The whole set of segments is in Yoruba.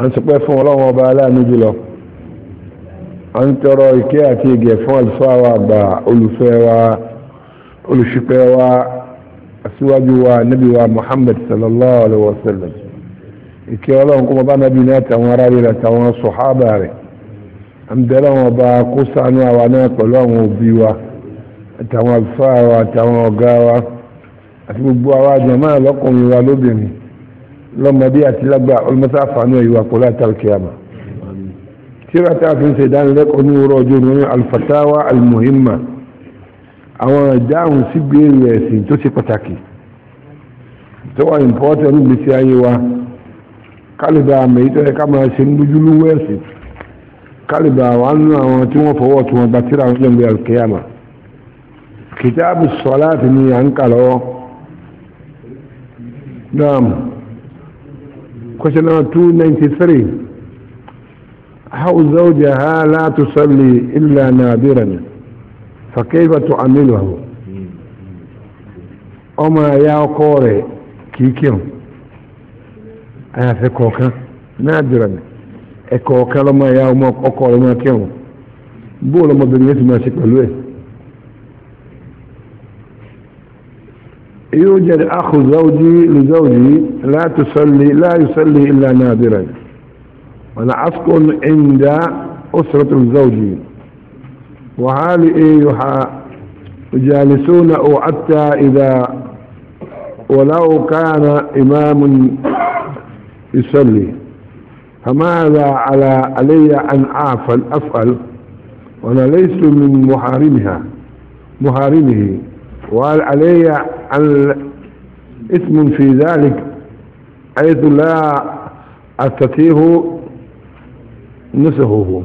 à ń sọpẹ́ fún ọlọ́run ọba aláàánú jùlọ à ń tọrọ ìkẹ́ àti ìgẹ̀ fún àlùfáà wa àgbà olùfẹ́ wa olùṣìpẹ̀ wa aṣíwájú wa nabi wa muhammad sallallahu alayhi wa sallam ìkẹ́ ọlọ́run kó mọ bá nàbí náà tàwọn ará rẹ̀ tàwọn sọ̀hábà rẹ̀ à ń bẹ̀rẹ̀ wọn ọba kó ṣàánú àwa náà pẹ̀lú àwọn òbí wa àtàwọn àlùfáà wa àtàwọn ọ̀gá wa àti gbogbo àwa jàmáà lọ́kùnrin wa lóbìnrin lọ́mọdé àti lágbà olùmọ́sáfàánú ẹ̀yọ́ àpọ̀lá àtàlùkìyàmà tíra tá a fi ń ṣe ìdánilẹ́kọ̀ọ́ ní òwúrọ̀ ọjọ́ ìrìn alfatawa almuhimma àwọn ìdáhùn sí gbèrè ẹ̀sìn tó ṣe pàtàkì tó wà ìmpọ́tẹ̀ ní gbèsè ayé wa kálíbà àmì tó yẹ ká máa ṣe ń lójú lówó ẹ̀sìn kálíbà wà nínú àwọn tí wọ́n fọwọ́ tí wọ́n bá tíra wọn lẹ́nu alkiyama kìtàbù sọ̀láàtì ni à ń kà lọ́wọ́ náà question number 293 حو زوجها لا تصلي إلا نادرا فكيف تعمله ọmọ ya ọkọ rẹ̀ kìí kírun àyàfẹ́ kọ̀ọ̀kan nádìrà ní ẹ̀kọ̀ọ̀kan lọ́mọ ya ọkọ rẹ̀ máa kírun bóòlù ọmọbìnrin yẹn ti máa ṣe pẹ̀lú ẹ̀ يوجد أخ زوجي لزوجي لا تصلي لا يصلي إلا نادرا وأنا أسكن عند أسرة زوجي وهالي أو حتى إذا ولو كان إمام يصلي فماذا على علي أن أعفل أفعل وأنا ليس من محارمها محارمه وهل علي اسم في ذلك حيث لا أستطيع نسهه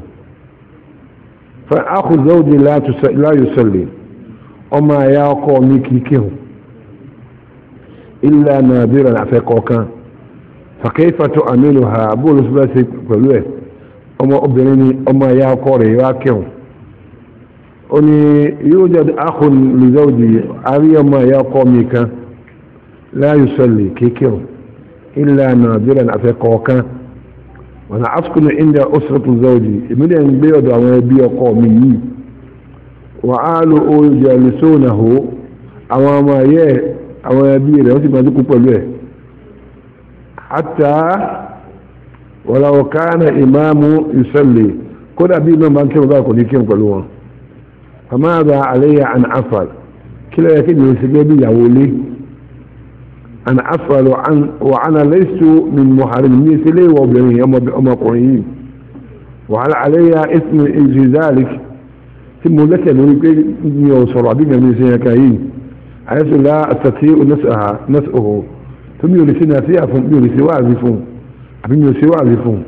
فأخو زوجي لا لا يصلي وما يقوى ميكيكيه إلا نادرا أفقوكا فكيف تؤمنها أبو باسك فلوه وما أبنني وما يقوى ريواكيه ó ní yóò jẹ́ akun lùzọ́ọ̀dì àríyànmọ́ ẹ̀yà ọkọ mi kan láàyò sọ̀lẹ̀ kékeré ìlànà àbílẹ̀ àfẹ́kọ̀ọ́ kan wọn na asukunu inda osiratu zọ́ọ̀dì èmi dẹ̀ ń gbé ọ̀dọ̀ àwọn ẹbí ọkọ mi yìí wà á lo oúnjẹ lùsọ́ọ̀nàhó àwọn ọmọ ayé àwọn ẹbí rẹ̀ wọ́n sì máa dúkú pẹ̀lú ẹ̀ hátà wọ́n làwọn kánà ìmáàmù ìsọ̀lẹ̀ kódà bí iná máa ń kírun báyìí kò ní kírun فماذا علي أن أفعل كلا يكيد يسجد يولي أن أفعل عن وأنا ليس من محرمين لي وبني أما قريين وعلى علي إثم ذلك ثم لك أن يوصل بك من سيكاين حيث لا أستطيع نسأها نسأه ثم يرسلنا فيها ثم يرسل وعزفون ثم يرسل وعزفون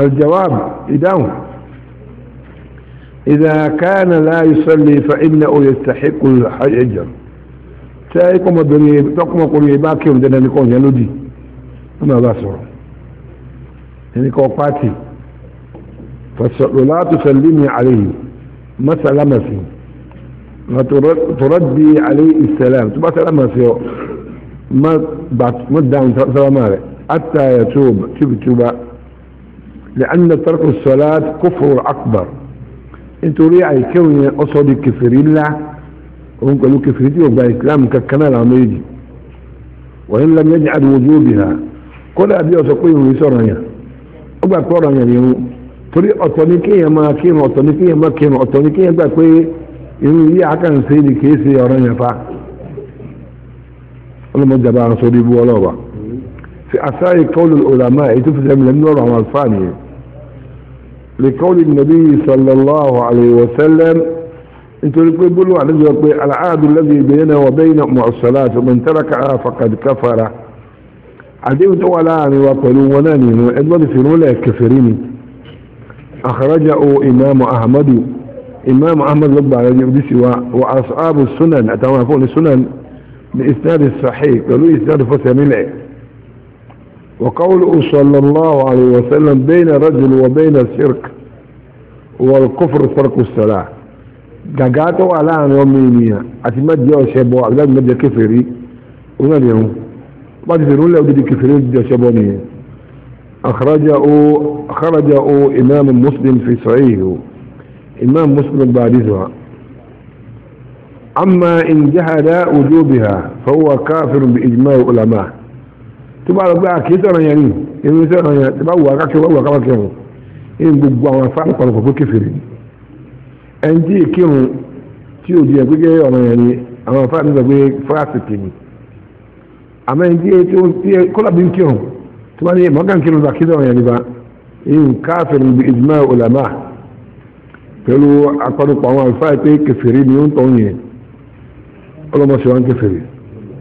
الجواب إداهم إذا كان لا يصلي فإنه يستحق الحجر سيكون الدنيا تقوم قريبا كيف دنا نكون يلودي أنا يعني لا سورة يعني كوباتي فلا تسلمي عليه ما سلم فيه ما تردي عليه السلام تبقى سلم فيه ما ما دام سلام عليه حتى يتوب تب تب لأن ترك الصلاة كفر أكبر nítorí àìkéwòn yẹn ó sọ di kẹfìrí ńlá òun pẹ̀lú kẹfìrí tí ó gba ìsìlámù kankan náà làwọn méjì wọ́n ń lamẹ́jì àdìwọ́jú òbí ha kódà bí ọ̀sọ̀ pé ìròyìn sọ̀rọ̀ yẹn ó gbà pé ọ̀rọ̀ yẹn ni ó torí ọ̀tọ̀ ni kéèyàn máa kírun ọ̀tọ̀ ni kéèyàn máa kírun ọ̀tọ̀ ni kéèyàn gbà pé irun yìí àkànṣe ni لقول النبي صلى الله عليه وسلم انتوا يقولوا على العهد الذي بينه وبين الصلاة ومن تركها فقد كفر عديوت ولاني وقلوا وناني وإدوان في رولا كفرين أخرجه إمام أحمد إمام أحمد رب على جمدس وأصحاب السنن أتوا فوق السنن بإسناد الصحيح قالوا إسناد فسمين وقوله صلى الله عليه وسلم بين رجل وبين الشرك والكفر فرق الصلاة قاقاته على عن يومينيها عتي مد يا شبو عبدالله مد كفري ونال يوم ما تفرون لأودي كفري يا شبوني أخرجه خرجه إمام مسلم في صحيح إمام مسلم بعدها أما إن جهل وجوبها فهو كافر بإجماع علماه tó bá lọ pé àkè ah, sọ̀rọ̀ yẹn ni èmi sọ̀rọ̀ yẹn tó bá wù akáké wà wù akáké wọn èyí gbogbo àwọn afárá pọ̀lọpọ̀ fún kẹfìrì ni ẹni tí èkírun tí ò di ẹ̀ pé ọ̀rọ̀ yẹn ni àwọn afárá ti sọ pé fásitì ni àmọ́ ẹni tí ó ti kọ́lá bí ń kírun tó bá ní ẹ̀ mọ́gàn kírun bá kí sọ̀rọ̀ yẹn ni bá èyí káfíìn bí ọ̀làmà pẹ̀lú akọ́dọ̀pọ̀ àwọn afárá pé kẹfìrì ni ó ń tọ́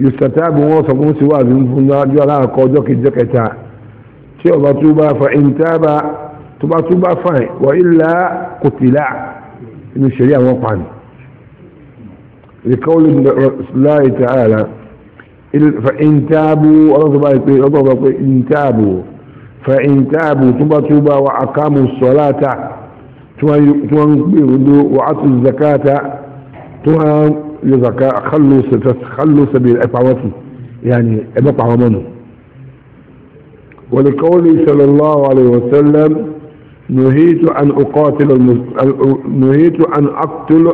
yustatabu wọn sọ fún siwa àbí fún lájọ aláàkọ ọjọ́ kejì kẹta tí ọba tó bá fa ìntàbà tó bá tó bá fàìn wà ilà kòtìlà inú ṣẹlẹ àwọn pàánù ìkọlù láì tààlà fa ìntàbù ọlọ́sọ bá pé ọgbọ́n bá pé ìntàbù fa ìntàbù tó bá wà àkàmù sọláta tí wọ́n ń pè wọ́n wà á tún zakata tó hàn يزكى خلوا خلوا سبيل إطعامتي يعني مطعم منه ولقوله صلى الله عليه وسلم نهيت أن أقاتل المس... نهيت أن أقتل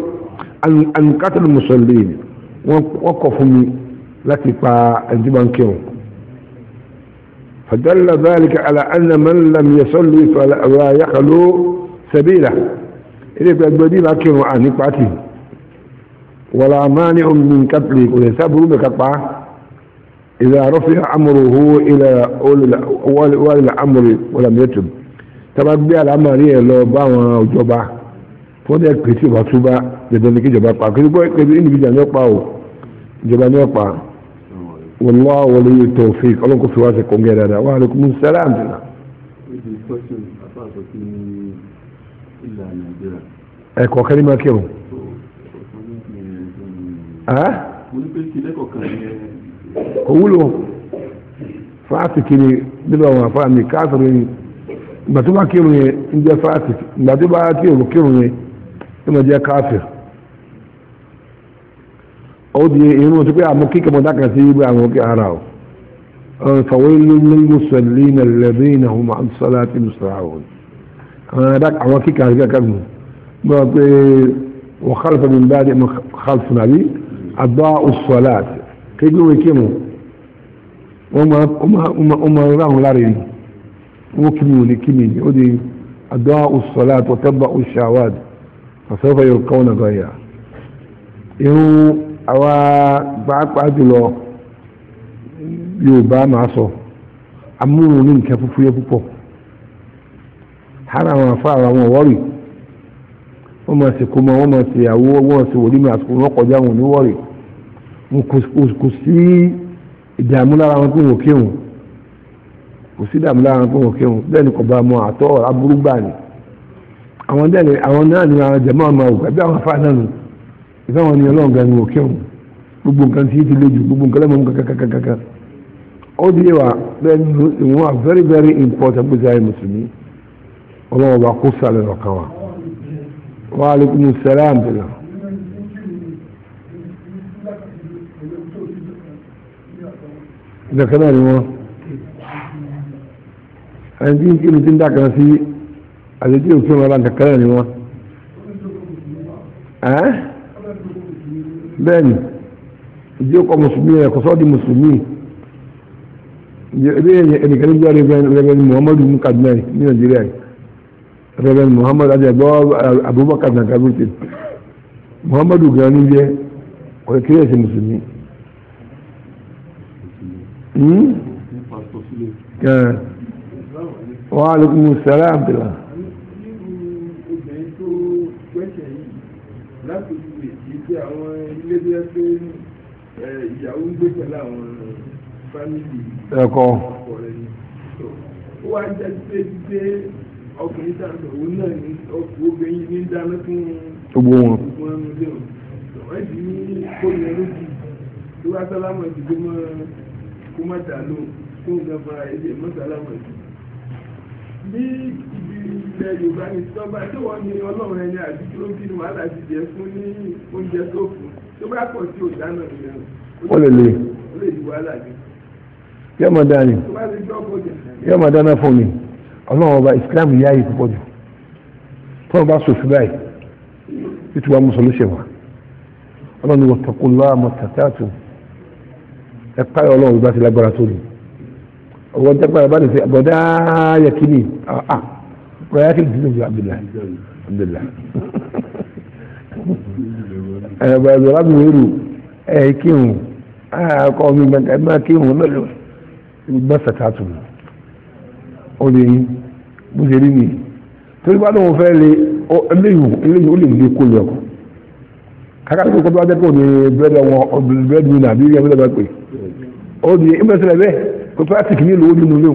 أن أن قتل المصلين وقفوا با فأجبان كيرو فدل ذلك على أن من لم يصلي فلا يخلو سبيله إذا إيه بديل أكيرو آه، ولا مانع من قتله ويسابه بقطعه إذا رفع أمره إلى أولي الأمر ولم يتب tọ́ba gbé àlámàrí ẹ̀ lọ bá àwọn ìjọba fọ́dẹ̀ pèsè ìwàtúbá dandan ní kí ìjọba pa kí gbogbo ìnìbíjà ní ọ̀pá o ìjọba ní ọ̀pá wallahu waliyu tawfiq ọlọ́kùn fi wá sí kọ́ngẹ́ dáadáa wa alaikum salam àǹtìlá. ẹ̀kọ́ kẹ́lí máa kírun owúlò fásitì ni nínú àwọn àfáà mi káàkiri ni ìgbà tó bá kírun yẹn ń jẹ́ fásitì ìgbà tó bá kírun kírun yẹn ń jẹ́ káàkiri ó di irun tó pé àmọ́ kíkẹ́ mọ́tà kan sí ibi àwọn òkè ara o fàwọ́lú mímúsọ̀lì nà lẹ́bí nà hùm àmsọ́lá ti mùsùlùmí àwọn kíkẹ́ àti kíkẹ́ kan mú bọ́ọ̀ àdọ́ ọ̀sọ̀lá kéjì wọ́n kí mu wọ́n máa ń ráhùn lára yìí wọ́n kí mi ò ní kí mi ó di àdọ́ ọ̀sọ̀lá tó tẹ́bà ọ̀ṣàwád àsọ́fà yóò kọ́ ọ̀nà báyà irun àwa pàápàá jùlọ máa sọ ní nǹkan púpọ̀ hàrà àwọn wọ́n máa ṣe kómọ wọ́n máa ṣe àwọ wọ́n máa ṣe wòlímọ̀ àsìkò wọn kọjá wọn ní wọ́ọ̀rì kò sí ìdààmú lára wọn pé wọn kí wọn kò sí ìdààmú lára wọn pé wọn kí wọn bẹ́ẹ̀ ni kò bá mọ àtọ́ aburú gbà ni àwọn dẹ́ni àwọn náà ni àwọn jẹ̀mọ́ àmọ́ ògbà bí àwọn afáàdà nù ìfẹ́ wọn ni ọlọ́run gan ni wọn kí wọn gbogbo nǹkan tí ti lójú gbogbo nǹkan lẹ́mọ̀ very very important bó ti ayé mùsùlùmí ọlọ́run ọba wa alaikum salaam bila. ìdàkẹ́ náà ni wọ́n ẹni tí kí ni tí ń dàkẹ́ sí àdéjì òfin ọ̀la ìdàkẹ́ náà ni wọ́n. bẹ́ẹ̀ni ìdí ọkọ̀ mùsùlùmí ẹ̀ kọ́sọ́ di mùsùlùmí ebi ẹnìkan ní bí wọ́n rẹ̀ bẹ́ẹ̀ Muhammadu Kaduna ní Nàìjíríà yìí rẹ̀rẹ̀ muhammad adẹ́gbọ́ uh, abubakar na kabirti muhammadu gani jẹ́ ọ̀rẹ́ kí ẹ̀sìn mùsùlùmí hmm? wa alaikum salam bila ìyàwó ń gbé pẹ̀lú àwọn fámìlì ọkọ rẹ̀ ni ó wá jẹ́ pé ọkùnrin tá a sọ òun náà ní ọkùnrin obìnrin ní dáná fún gbogbo wọn. gbogbo wọn ló dẹ̀wọ̀n wọ́n ti ní kóyọ lójú tí wọ́n sálámà ti kó máa kó máa dà ló kó nǹkan fara ẹ̀jẹ̀ mọ́ sálámà ti. ní ibi ilẹ̀ Yorùbá ní sọ́gbà tí wọ́n ní ọlọ́run ẹni àti tí ó ń bínú wàhálà ti jẹ fún ní oúnjẹ tó fún tó bá pọ̀ sí òdánà ìyẹn. ó lè lè ó lè di wàhálà jù. yọ́ọ̀ máa dáa ni yọ́ọ̀ máa dáná fún mi ọlọ́run ọba islam yá yìí púpọ̀ jù tọ́wọ́n bá sòfin báyìí títúwà mùsùlùmí ṣe wà ọlọ́run wọ́n tọkùnlá mọ̀tàtàtù ẹ páyọ ọlọ́run bá ti lágbára tó ni ọwọ́n tẹ́gbàrà bá lè fi àbọ̀dá yẹ kí ni àà rẹ̀ yá kí ni dínú abdullahi abdullahi ẹ̀ bàbá rábì wẹ́rù ẹ̀ kí n ọkọ̀ mi gbẹ̀ngàn ẹ̀ máa kí n náà lọ ìgbà sàtàtù mi. ó lè yín bó ṣe rí mi torí bá lóun fẹ́ lé eléyìí ó lè lé kó lọ kákàtí kó tó wá jẹ́ kó ní bẹ́ẹ̀dì bẹ́ẹ̀dì mi nàbí pé ó di ìmọ̀sílẹ̀ bẹ́ẹ̀ kó pàṣíkì ní lòó nínú léwu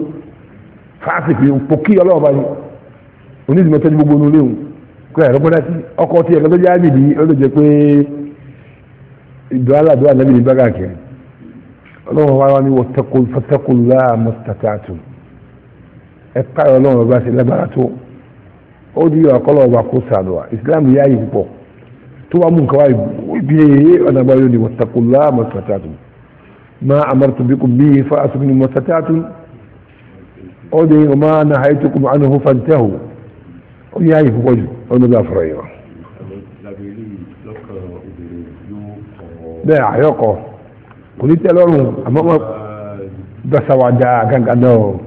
pàṣíkì pòkí ọlọ́wọ́ onídìmọ̀ tẹ́jú gbogbo nínú léwu kó ẹ̀rọ pẹ́ láti ọkọ̀ tí ẹ̀rọ tó jẹ́ àmì pé ìdúrà ọlọ́wọ́ ẹ̀ka ọlọ́run ọba ṣe lágbára tó ó di ọ̀kọ́lọ̀ ọba kó sàdùà islam yá yìí pọ̀ tó wàá mú nǹkan wá ibi ọ̀nà àbáyọ ni wọ́tàkùnlá mọ̀sátàtù má amartu bikum bíi fa asukuni mọ̀sátàtù ó di ọmọ náà haytukum anahu fantahu ó yá yìí púpọ̀ jù ọ̀nà bá fọ̀rọ̀ yìí wọn. bẹ́ẹ̀ àyọkọ̀ kò ní tẹ́ lọ́rùn àmọ́ bá sáwádà gángan náà.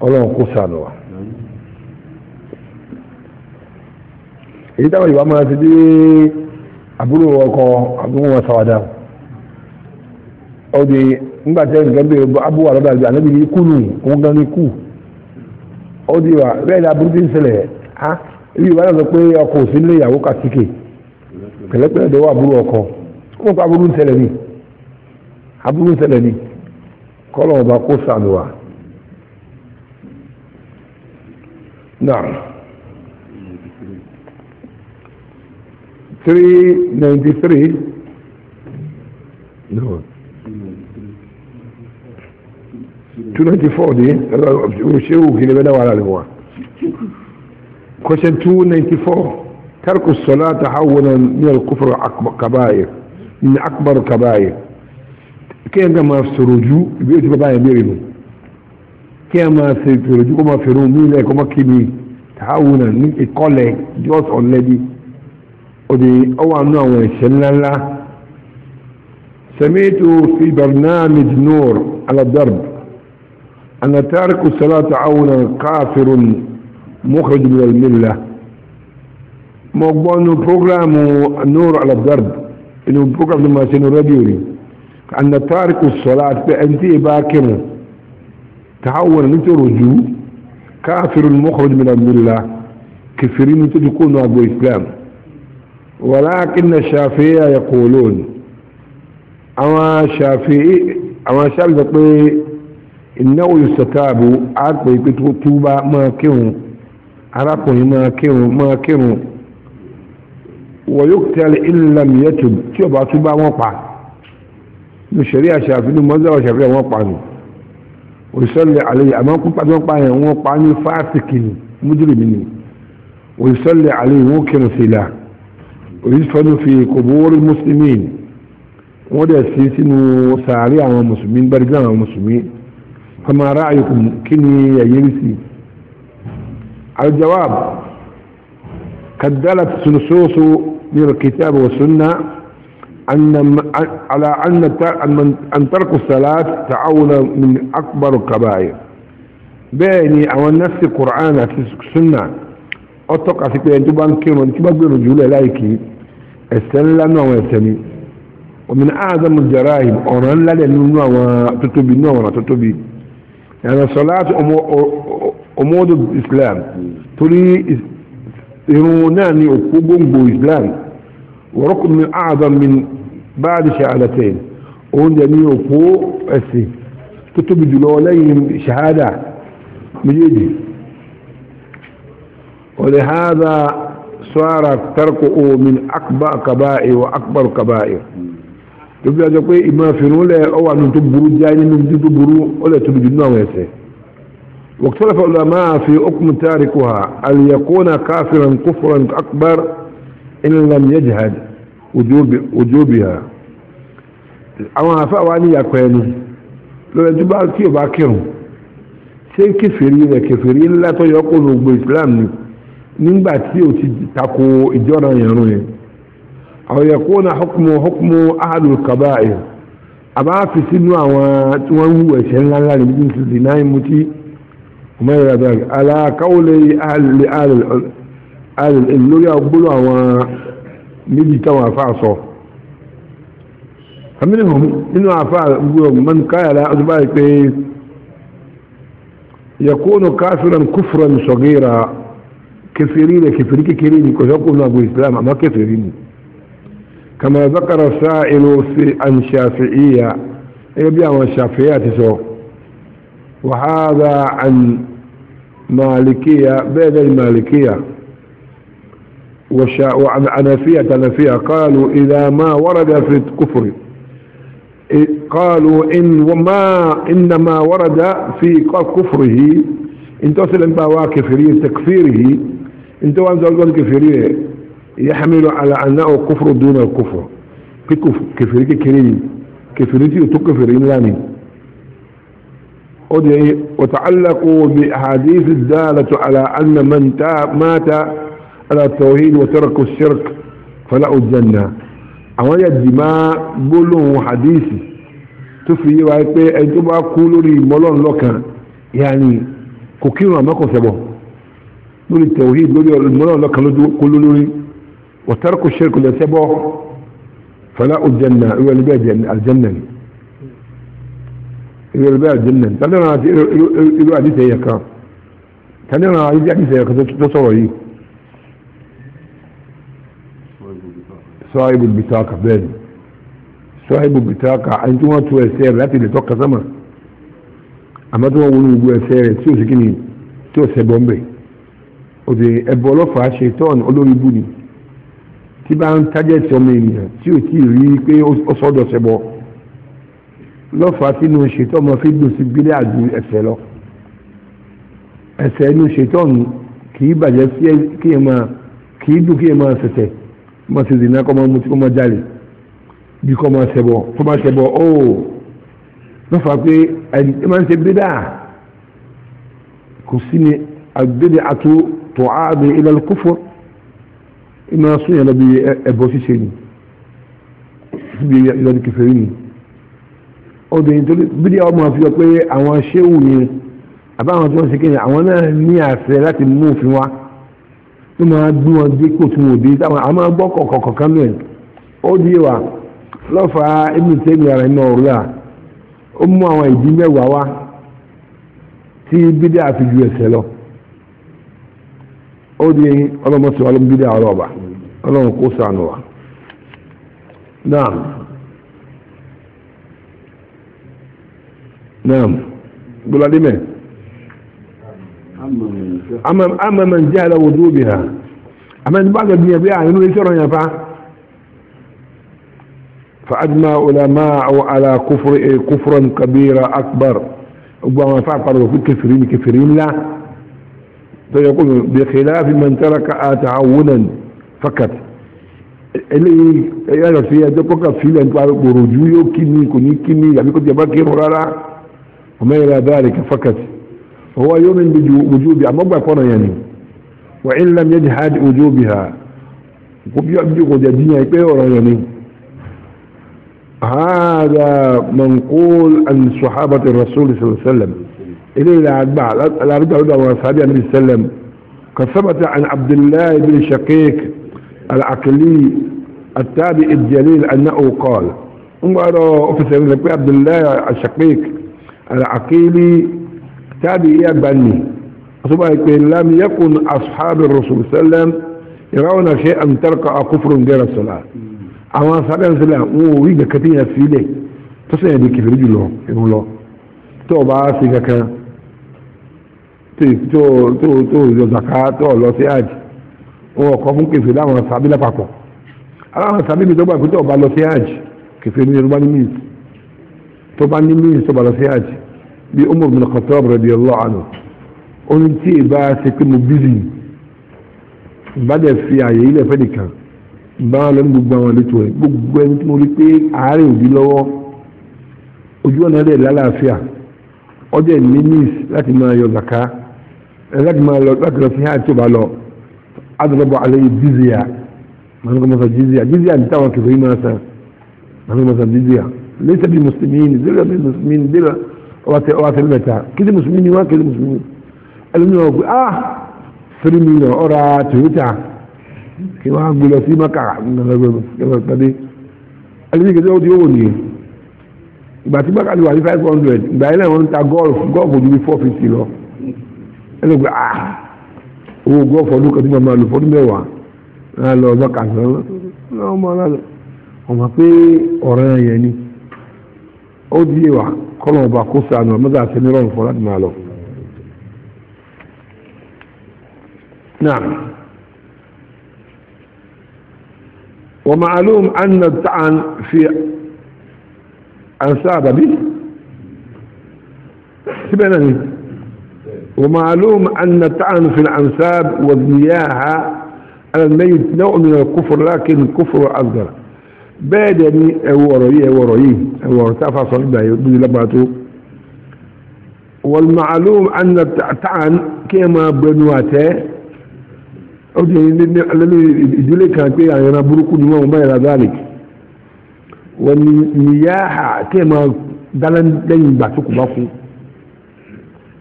ọlọ́run kó sànù wa. èyí táwọn yorùbá máa ti dé àbúrò ọkọ àbúrò wọn sàwádà ọdẹ nígbà tí ẹnìkan bẹ abúwà lọ́dọ̀ àgbẹ̀ ànábi ní kú òun gan ni kú di wa bẹ́ẹ̀ ni aburú ti ń á ibi sọ pé ọkọ òsín lé ìyàwó ọkọ aburú ń ni aburú ń ni نعم 393 نعم 294 دي وشيو كده بدأوا على الهواء كوشن 294 ترك الصلاة تحولا من الكفر كبائر من أكبر كبائر كان ما يفسر رجوع بيوت بابا يميرنه kí ẹ máa ṣe ìpèrò ojú kó máa fèrè omi ilẹ̀ kó máa kí ni tààwùnà ní ìkọlẹ̀ just ọ̀lẹ́bí òdì ọwọ́ àánú àwọn ẹ̀ṣẹ̀ ńláńlá sẹ́mẹ́tò fi barnamij nur aladarb ana tariku salata awuna kafirun mukhriju min al-milla mo gbọ́ nu programu nur aladarb inú programu ma ṣe nu rédíò ni ana tariku salata pé tí ì bá kírun تحول نترجو كافر مخرج من الملة كفرين تكون أبو إسلام ولكن الشافعية يقولون أما شافعي أما شافعي إنه يستتاب أكبر يكتوبة ما كيهم أراكم ما كيهم ما كيهم ويقتل إن لم يتب تبع تبع وقع الشريعة شافعي المنزل وشافعي وقع òṣìṣẹ́lẹ̀ àlẹ́ àmọ́ pípa tí wọ́n pa yẹn wọ́n pa ní fásitì ni mújúrìmí ni òṣìṣẹ́lẹ̀ àlẹ́ wọ́n kírun sí la òṣìṣẹ́nu fi kòbóorí mùsùlùmí wọ́n dẹ̀ sí sínú sàárì àwọn mùsùlùmí gbẹ́rẹ́gbẹ́ àwọn mùsùlùmí fama ra'ayukum kí ni ẹ̀yẹ́ rí sí. aljawab sunsoso ní sunna على أن أن ترك الصلاة تعاون من أكبر الكبائر بيني أو نفس القرآن في السنة أتوقع في كل تبان كيرون كما بيقولوا لايكي السلام ويسمي ومن أعظم الجرائم أوران لا لنونا وتتوبي نونا تتوبي يعني صلاة أمور الإسلام تري يروناني أكوبون بو إسلام وركن من أعظم من بعد شهادتين وهم جميع فوق السي كتب جلولين شهادة مجيدي ولهذا صار تركه من أكبر كبائر وأكبر كبائر tóbi àjọ pé ìmọ̀ àfihàn lẹ̀ ọ wà nínú tó burú já nínú tó burú ó lẹ̀ tóbi jù nínú àwọn ẹ̀ṣẹ̀. wọ́n tọ́lá fọlọ́ máa fi okùn tààrí kò hà àlìyàkóna káfíran kófòrán akbar إن لم يجهد وجوب وجوبها àwọn àfáà wa ní yàpọ̀ ẹnu lórí ẹjú o bá kírun ṣé kẹfìrí rẹ kẹfìrí ńlá tó yọ Islam ni nígbà tí o ti tako ìjọra ìrún yẹn àwọn yẹ̀kọ́ náà hukmu hukmu ahadul kaba'ir àbá fi sínú àwọn tí wọ́n lórí agbóló àwọn méjì táwọn àfáà sọ àmìnìhùn nínú àfáà gbogbo mọ́n káyàlá ọdún báyìí pé yakunu káfíran kúfùran sọ̀gẹ́ra kẹfẹ́rí rẹ̀ kẹfẹ́rí kékeré ní kọ̀ṣọ́kù náà bu islam àmọ́ kẹfẹ́rí ni kama zakara sa'ilu fi an shafi'iyya ẹgbẹ́ bí àwọn shafi'iyya ti sọ wa hadha an bẹ́ẹ̀ bẹ́ẹ̀ malikiya وعنفية نفية قالوا إذا ما ورد في الكفر قالوا إن وما إنما ورد في كفره إن تصل أن بوا كفرين تكفيره إن توان زوجون كفرين يحمل على أنه كفر دون الكفر كفر كفر كفرين كفرين تكفرين لاني أدعي وتعلقوا بأحاديث الدالة على أن من مات على التوحيد وتركوا الشرك فلا الجنة أولا الدماء بلوه حديثي تفري وعيبه أنتم أقولوا لي ملون لك يعني كوكينا ما كسبه من التوحيد قولوا الملون لك قولوا لي وتركوا الشرك اللي سبه فلقوا الجنة إيوه اللي بيه الجنة إيوه اللي بيه الجنة تنين أنا أعطي إيوه حديثي يا كام تنين أنا أعطي حديثي يا كام تصوري إيوه sọ́ọ́ìbù bìtákà bẹ́ẹ̀ ni sọ́ọ́ìbù bìtákà ẹni tí wọ́n tu ẹsẹ̀ rẹ̀ láti lè tọ́ka sánmà àmọ́ tí wọ́n wọnú gbogbo ẹsẹ̀ rẹ̀ tí ò sí kíni tí ò sẹ́bọ̀ ń bẹ̀ òdì ẹ̀bọ ọlọ́fàá ṣe tọ́ọ̀nù olórí bù ni tí bá ń tájẹ́ ti ọmọ ènìyàn tí ò tí ì rí pé ó sọ́dọ̀ sẹ́bọ̀ lọ́fàá tí inú ṣètò ọmọ fi dùn sí gbélé àdùn ẹsẹ̀ lọ ẹsẹ̀ inú ṣètò ọ̀nù kì í bàjẹ́ kí ẹ máa kì í dùn kí ẹ máa ṣẹ̀ṣẹ̀ kọ́mọ ṣe zina kọ́mọ mutí kọ́mọ jalè bí kọ́mọ ṣẹbọ kọ́mọ ṣẹbọ ó lọ́fà pé ẹni ẹ máa ń ṣe bídà kò sí ni àgbédè àtò tó ààbè ilẹ̀ kófò ẹ máa sún yàrá bí ẹbọ ṣíṣe ni bí ìlànà kẹfẹ́rí ni obìnrin tó bídà ọmọ àfihàn pé àwọn ṣéwù ni àbáwọn tí wọ́n ṣe kéde àwọn náà ní àṣẹ láti mú òfin wá. ló máa gbé wọn dé kò tún òde táwọn àmọ́ gbọ́ kọ̀kọ̀kọ̀ kan náà ó di wa lọ́fà Ibn Taymiyyah ara iná ọ̀rọ̀ à ó mú àwọn ìdí mẹ́wàá wá tí bídẹ́ ju ẹsẹ̀ lọ ó di ọlọ́mọ sọ ọlọ́mọ bídẹ́ naam naam gbọ́dọ̀ dé أما من جهل وجوبها أما من بعض الدنيا بها إنه يسر ينفع فأجمع علماء على كفر كفرا كبيرا أكبر وما فعل في كفرين كفرين لا فيقول بخلاف من ترك تعونا فقط اللي ẹyà fi ẹjọ kọkà filẹ nípa gbòòrò ju كني كني ni kò ní kí ni àbí kò tí a هو يؤمن بوجوبها ما بقى يعني وإن لم يجحد وجوبها يعني. هذا منقول عن صحابة الرسول صلى الله عليه وسلم إليه لا الأربعة وأصحابه النبي صلى الله عليه وسلم كثبت عن عبد الله بن شقيق العقلي التابع الجليل أنه قال انظروا في عبد الله الشقيق العقيلي tabi iya banni su ba ke lam yakun ashabin rasul sallam yarawna shay'an tarka a kufrun ghayra salat àwọn sábẹ́ sílẹ̀ wọn ò rí kankan tí yẹn sílẹ̀ tó sì yẹn di kìfìrí jùlọ ìrún lọ tó o bá sí kankan tó o tó o tó o yọ zaka tó o lọ sí àjì wọn kọ fún kìfìrí láwọn sábẹ́ lápapọ̀ aláwọn sábẹ́ mi tó gbà pé tó o bá lọ sí àjì kìfìrí ni tó bá ní mìíràn tó bá ní mìíràn tó bá lọ sí àjì bí Umar bin Khattab radiyallahu anhu oní tí ì bá ṣe pé mo bízì bá dẹ̀ fi àyè ilẹ̀ fẹ́ nìkan bá wọn lọ́nu gbogbo àwọn àlejò ẹ̀ gbogbo ẹni tí mo rí pé àárẹ̀ òbí lọ́wọ́ ojú ọ̀nà rẹ̀ lálàáfíà ọdẹ nínísì láti máa yọ zaka eh, láti máa lọ láti lọ sí hàn tí ó bá lọ adọ́lọ́bọ̀ alẹ́ yìí jizya màá ní kò mọ̀ jizya jizya ní táwọn kẹfẹ́ yìí máa san màá ní kò mọ̀ jizya lẹ́sẹ̀ bíi mùsùlùmí ní dèrò bíi mùsùlùmí wa tẹ̀lé mẹ́ta kìdí mùsùlùmí ni wọ́n kìdí mùsùlùmí ẹlòmí wọn gbé ah three million ọ̀rọ̀ toyota kí wọ́n á gbé lọ sí maka nàlẹ́gbẹ̀rún ẹlòmí kìdí ó di owó nìyẹn ìgbà tí maka ti wà ní five hundred ìgbà yẹn náà wọ́n ń ta golf golf ojú bí four fifty lọ ẹlòmí gbé ah owó golf ọdún kan tí màmá lò fọdún mẹ́wàá náà lọ maka sọ ọmọ pé ọ̀rẹ́ yẹn ni ó di wa. kọ́lọ̀ ọba kó sànù àmọ́dá àti nírọ̀rùn نعم ومعلوم أن الطعن في أنساب به ومعلوم أن الطعن في الأنساب والمياه على الميت نوع من الكفر لكن كفر أصغر bẹ́ẹ̀ dẹ̀ ni ẹwọ ọ̀rọ̀ yìí ẹwọ ọ̀rọ̀ yìí ẹwọ ọ̀rọ̀ táfà sọ nígbà yìí bí lábàá tó anna ta'an kí ẹ máa bẹnu àtẹ́ ó ti lẹ́nu ìdílé kan pé àwọn burúkú ni wọ́n bá yàrá dáàlì wọ́n ni níyàhà kí ẹ máa dáná lẹ́yìn ìgbà tó kù bá kú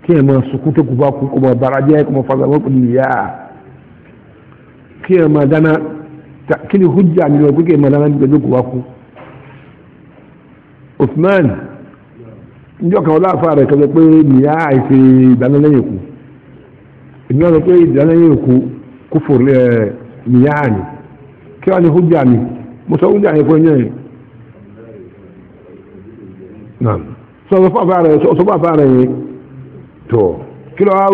kí ẹ máa sunkún tó kù bá kú kó máa kó máa kò níyàhà kí ẹ máa kí ni hujja mi lọ gbẹgẹ mọ lára nígbà lóko wa kú Usman njọ kan ọlá afa rẹ kan sọ pé nìyá àìsè ìdánilẹ́yìn kù èmi náà sọ pé ìdánilẹ́yìn kù kú fò ẹ nìyá àní hujja mi mo hujja yẹn fún ẹ yẹn naam sọ fún afa rẹ sọ fún afa rẹ yẹn tó kí ló wá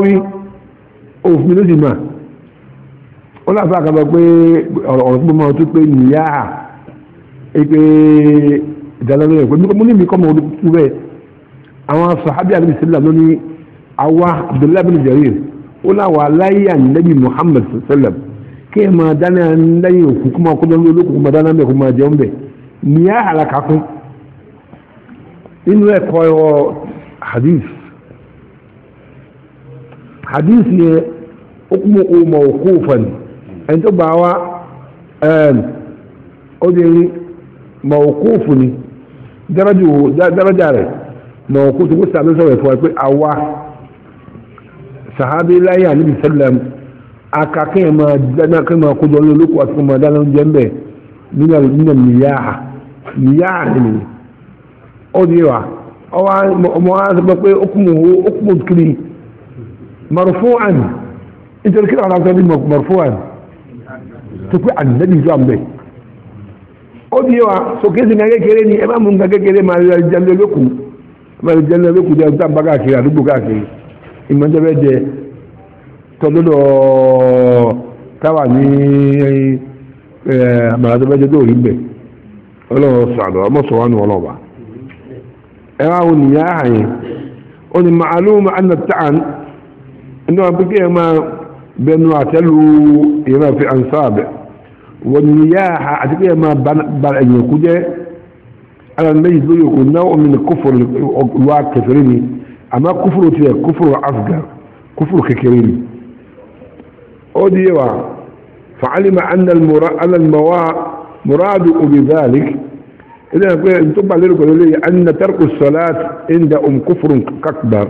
wọ́n láfa àkàbọ̀ pé ọ̀rọ̀ tó mọ̀ tó pé nìyá pé ìdálọ́lọ́ rẹ̀ pé mo ní mi kọ́ mọ̀ ọdún tó bẹ́ẹ̀ àwọn sàhábì àdébí sílẹ̀ lónìí awa abdullahi bin jarir ó láwà láyé ànábì muhammad sallam kí ẹ máa dáná lẹ́yìn òkú kó máa kó lọ́nà olókùnkùn máa dáná bẹ́ẹ̀ kó máa jẹun bẹ́ẹ̀ nìyá àlàkà kún nínú ẹ̀kọ́ hadith hadith yẹn ó kún mọ́ òkú òfà ẹni tó gbà wá ó ni dáràjà rẹ̀ mọ̀ọ́kú tó kó sàbí sọ̀rọ̀ ẹ̀fọ́ pé àwa sàhábí láyé àníbi sẹ́lẹ̀m akakẹ́ máa dáná kẹ́ máa kó jọ ní àti dáná oúnjẹ ń nínú ni ó di wa ọmọ wa sọ pé ó kún mọ̀ kiri marufu àná nítorí kí ni àwọn marufu àná. tó pé ànábì ìlú àmbẹ̀ ó di wa sókè sí nǹkan kékeré ni ẹ má mú nǹkan kékeré máa lọ jẹun lóku máa lọ jẹun lóku jẹ ọdún àbá káàkiri àdúgbò káàkiri ìmọ̀jẹ́fẹ́ jẹ tọ́lọ́dọ̀ táwà ní àmàlàjọ́fẹ́jẹ́ tó rí bẹ̀ ọlọ́run sàdọ̀ ọmọ sọ̀rọ̀ nù ọlọ́ba ẹ wá wọn nìyá àyìn ó ní màálùmá anàtàn inú àbíkẹ́ máa bẹnu àtẹ́lu ìrìnàfẹ́ ansáàbẹ̀ والنياحة أتبقى ما بلعن يكوجة على المجلس يقول نوع من الكفر الواكفريني أما كفر تيه كفر أصغر كفر ككريم أودي فعلم أن المراد أن الموا... مراد بذلك إذا انتبع لي أن ترك الصلاة عند أم كفر اكبر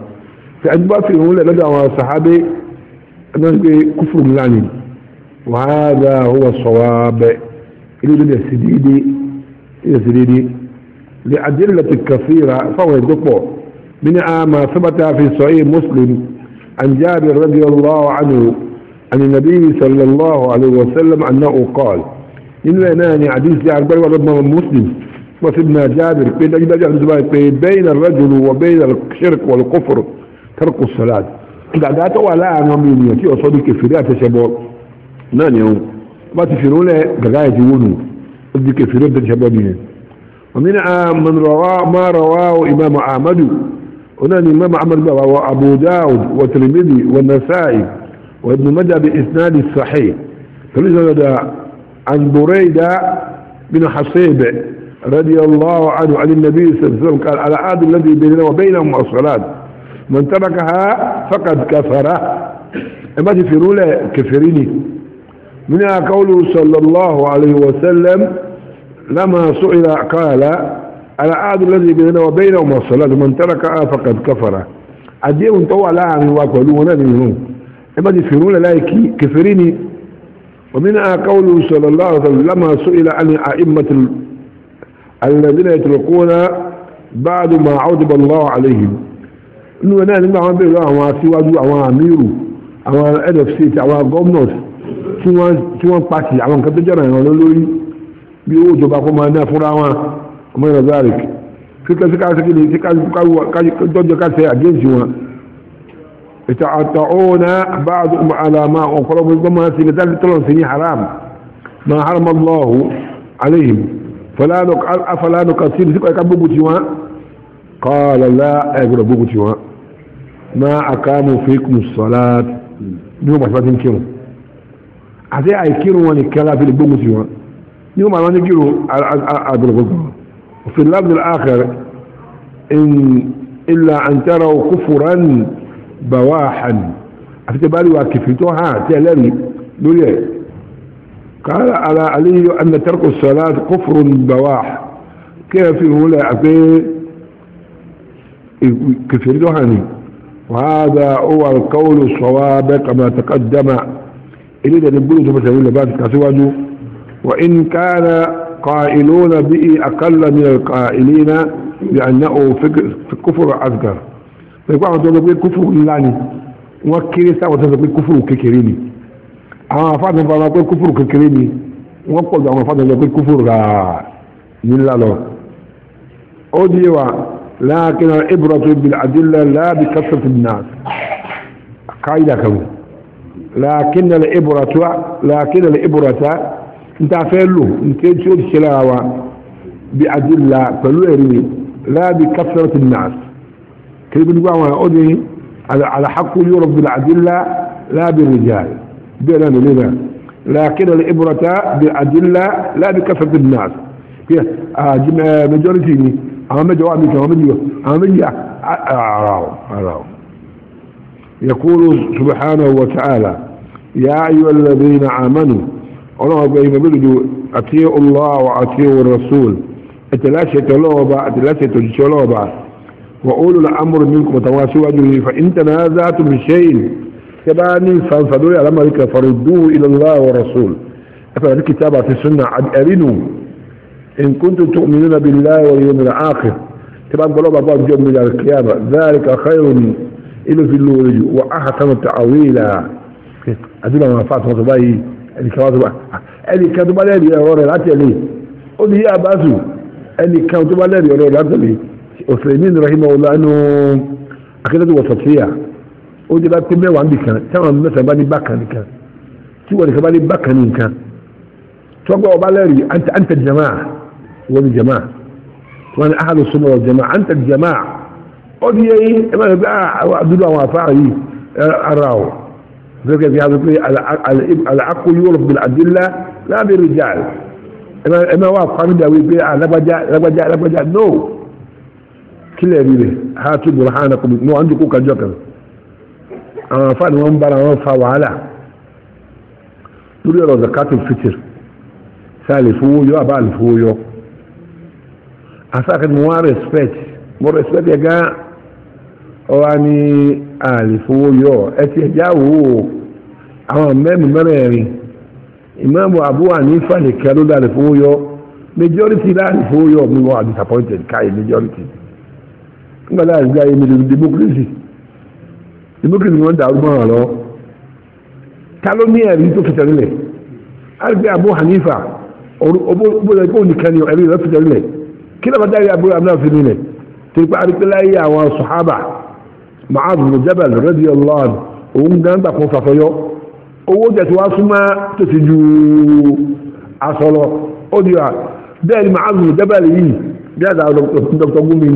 فأنبأ في أولى لدى الصحابة أنه كفر لاني وهذا هو الصواب يريد السديدي السديدي لأدلة كثيرة فهو يدقوا من ما ثبت في صحيح مسلم عن جابر رضي الله عنه عن النبي صلى الله عليه وسلم أنه قال إن أناني حديث جابر وربنا مسلم وسيدنا جابر بين الرجل وبين الشرك والكفر ترك الصلاة إذا دعته ولا أمام يميتي وصدق في ذات شباب náà ni ó bá ti fìrún lẹ gàgá yẹn ومن من رواه ما رواه إمام أحمد هنا الإمام أحمد أبو داود والترمذي والنسائي وابن مدى بإسناد الصحيح فلذا عن بريدة بن حصيب رضي الله عنه عن النبي صلى الله عليه وسلم قال على عاد الذي بيننا وبينهم الصلاة من تركها فقد كفر اما تفروا له كفريني منها قوله صلى الله عليه وسلم لما سئل قال العهد الذي بيننا وبينهما الصلاة من تركها فقد كفر عديه انتوا لها من واقعلوا ولا منهم اما تفيرون لايك كفريني ومنها قوله صلى الله عليه وسلم لما سئل عن أئمة الذين يتركون بعد ما عذب الله عليهم انه انا لما عم بيقولوا عم سيواجوا عم اميروا عم ادف سيت عم قوم نوت tí wọ́n pàṣẹ àwọn nǹkan tó jẹ́ràn ìrànlọ́ lórí bí owó ìjọba kó máa ná fúnra wọn ọmọ ìrìn zarek kíkẹ́ sí káṣí kílè sí kájọ́ káṣẹ́ àgéǹsì wọn ìta àtàwọn báàdù àlàmà ọ̀pọ̀lọpọ̀ ìgbọ́n máa ń sin ìdájọ́ tọ́lọ̀ sí ní haram ma haram allahu alayhim afalanu kasir sí kọ́ka gbogbo tí wọn kọ́ọ̀lọ́lá ẹgbẹ̀rẹ̀ gbogbo tí wọn ma akamu fikum salat bí wọ́n pàṣẹ bá ti ń kírun هذه أيكين ونكلا في البومسيون يوم ما نجيرو على بالغزوة وفي اللبن الآخر إن إلا أن تروا كفرا بواحا أفتي بالي واكفتو ها قال على علي أن ترك الصلاة كفر بواح كيف هو لا كفرتو هاني وهذا هو القول الصواب كما تقدم إلي ده نقول تبس أقول بعد كسواجو وإن كان قائلون به أقل من القائلين لأنه فكر في الكفر أذكر فيقول أحد يقول كفر إلاني وكيري ساعة تقول كفر ككريني أما فاتن فأنا أقول كفر ككريني وقل أما فاتن يقول كفر إلا له أوديوا لكن العبرة بالأدلة لا بكثرة الناس قاعدة كمان لكن الإبرة لكن الإبرة انت فعله انت تشوف شلاوة بأدلة فلوري لا بكثرة الناس كيف نقول على على حق يورب بالأدلة لا بالرجال بلا لنا لكن الإبرة بالأدلة لا بكثرة الناس مجورتي أما جوابك أما جوابك أما جوابك أراو أراو يقول سبحانه وتعالى يا أيها الذين آمنوا الله بين بدو أطيع الله وأطيع الرسول أتلاشى تلوبا أتلاشى تجلوبا وأولو الأمر منكم وتواسوا أجره فإن تنازعتم بشيء تباني فانفدوا على ملك فردوه إلى الله والرسول أفعل الكتابة في السنة عد أرنوا إن كنتم تؤمنون بالله واليوم الآخر تبان قلوبة بعض يوم من القيامة ذلك خير ilé fi lóore jù wà á hàtánù tà àwé ìlà àdúrà wọn afa àtúntò báyìí ẹnìkan wá tó bá ah, ẹnìkan tó bá lẹ́rìí ọ̀rọ̀ rẹ̀ láti ẹ̀lẹ́ ó ní yá abáṣù ẹnìkan tó bá lẹ́rìí ọ̀rọ̀ rẹ̀ láti ẹ̀lẹ́ Usaimin rahimahullah ẹnu akẹ́tẹ́tù wọ̀sọ̀tìyà ó jẹ́ bá pé mẹ́wàá nìkan táwọn mẹ́sàn-án bá ní bákan nìkan tí wọ́n nìkan bá ní bákan nìkan tọ́gbà ọba lẹ́rìí anta anta wọ́n ni jamaa wọ́n ni ahalu sunna wal jamaa ó di eyín ẹ máa gbé ah, àdúrà àwọn àfáà yìí ara o gẹ́gẹ́ bí a sọ pé àlàkó yóò rọ̀ bìlà àdìlá lábẹ́ rìjà ẹ máa wà pàmì dàwé pé alágbájá ah, alágbájá alágbájá no kílẹ̀ rí rẹ̀ ha tó bọ̀rọ̀ ha nà kọ́mi wọn á dúkú kájọ kan àwọn àfáà ni wọ́n ń bára wọn fa wàhálà lórí ọ̀rọ̀ zakatul fitr sáà lè yọ àbá lè yọ àfáà kan ni wọ́n respect mo respect yẹ gan ọwá ní ààrẹ fowó yọ ẹ ti ẹjá wò ó àwọn mẹ́rin mẹ́rẹ̀ẹ̀rin ìmáàmù Abu Hanifa nìkan ló dàrẹ fowó yọ majority láàrin fowó yọ mi wọ́n are disappointed káyé majority nígbà láàrin gbé ayé mi democracy democracy wọn dàrú mọ́ ọ̀rọ̀ ta ló ní ẹ̀rí tó fi tẹ̀lé lẹ̀ àgbẹ̀ Abu Hanifa ọ̀bọ̀lẹ̀ kó nìkan ni ẹ̀rí rẹ̀ fi tẹ̀lé lẹ̀ kí ló bá dárí Abu Hanifa fi nílẹ̀ tó ipa àdìpẹ́láyé àwọn sọ̀hábà Mu'adh bin Jabal radiyallahu anhu òun gan gbà kún fàfọyọ́ owó jẹ̀tù wá súnmọ́ tó ti ju aṣọ lọ ó di wa bẹ́ẹ̀ ni Mu'adh bin Jabal yìí bí àdá Dr. Gumi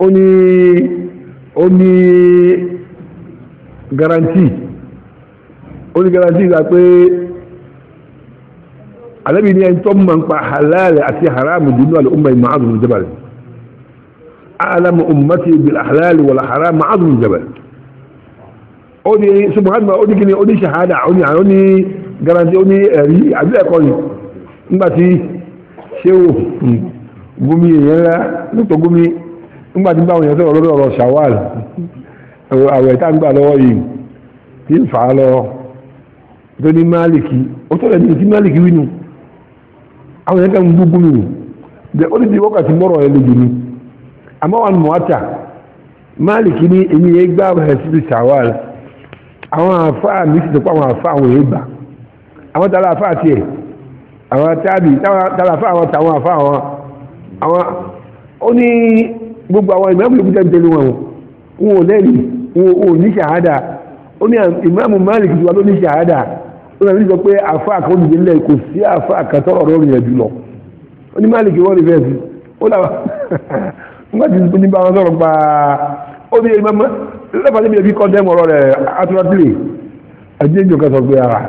ó ní ó ní garanti ó ní garanti gba pé alábìíní ẹni tó mọ̀ nípa halal àti haram dùnú àlùmọ̀ Mu'adh bin Jabal أعلم أمتي بالأحلال والحرام مع عظم الجبل أودي سبحان الله أودي كني أودي شهادة أودي أودي o ni أري أبي أقولي نباتي شو gumi yẹnla lótò gumi nígbà báwọn yẹn sọ̀rọ̀ lórí ọ̀rọ̀ shawal àwẹ̀ tá ń gbà lọ́wọ́ yìí tí ń fà á lọ tó ní máàlìkì ó tó lẹ́nu tí máàlìkì àwọn yẹn kàn ń bú gumi o ó ti di wákàtí mọ́rọ̀ ẹ lójú ni. àmọ́ wọn mọ́ta máàlìkì ní èmi yẹn gbá ẹ̀sìtì sàwàl àwọn àfáà mi sì tọ́pọ̀ àwọn àfáà àwọn èèyàn bà tala tààlà àfáà tiẹ̀ àwọn tala tààlà àfáà àwọn tàwọn àfáà àwọn oni ó ní gbogbo àwọn ìmáàmù yòókù tẹ́ ń tẹ́lé wọn wọn ò lẹ́rìí wọn ò ní ṣàhádà ó ní ìmáàmù máàlìkì tí wọn ló ní ṣàhádà ó lọ sí sọ pé àfáà kan òdìdí ńlẹ̀ kò sí àfáà kan tọ́rọ̀ ọ̀rọ̀ rìn ẹ̀dùn lọ ó ní máàlìkì wọn rí fẹ́ẹ́ sí ó nígbà tí ní bá sọ̀rọ̀ gbà ó ní ẹgbẹ́ lẹ́fà níbi ẹbí kọ́ndẹ́ mọ̀rọ̀ rẹ̀ atúrọ́tìlì ẹ̀jẹ̀ ìjọ kan sọ pé ah,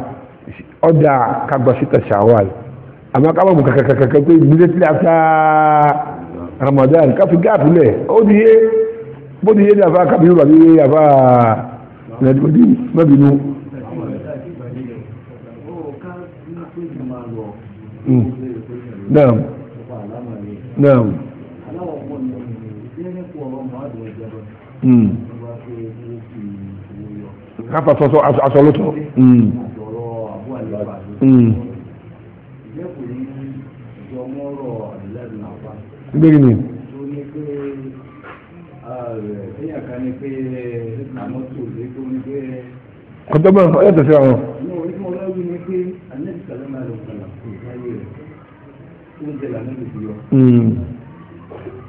ọjà kagbà síta ṣàwàl àmọ́ ká bọ̀bù kàkàkàkà pé ìgbésẹ̀ sílẹ̀ àṣà Ramadan káfí gáàpù lẹ̀ ó ní yé bó ní yé ní àfa kàbí bàbí àfa nàìjíríà mẹ́bìnú. Naam. Naam. Hmm. kápá sọsọ aṣọ lótó. ni. Hmm. Hmm. kọ́tọ́ bá ẹ tẹ̀sí àwọn.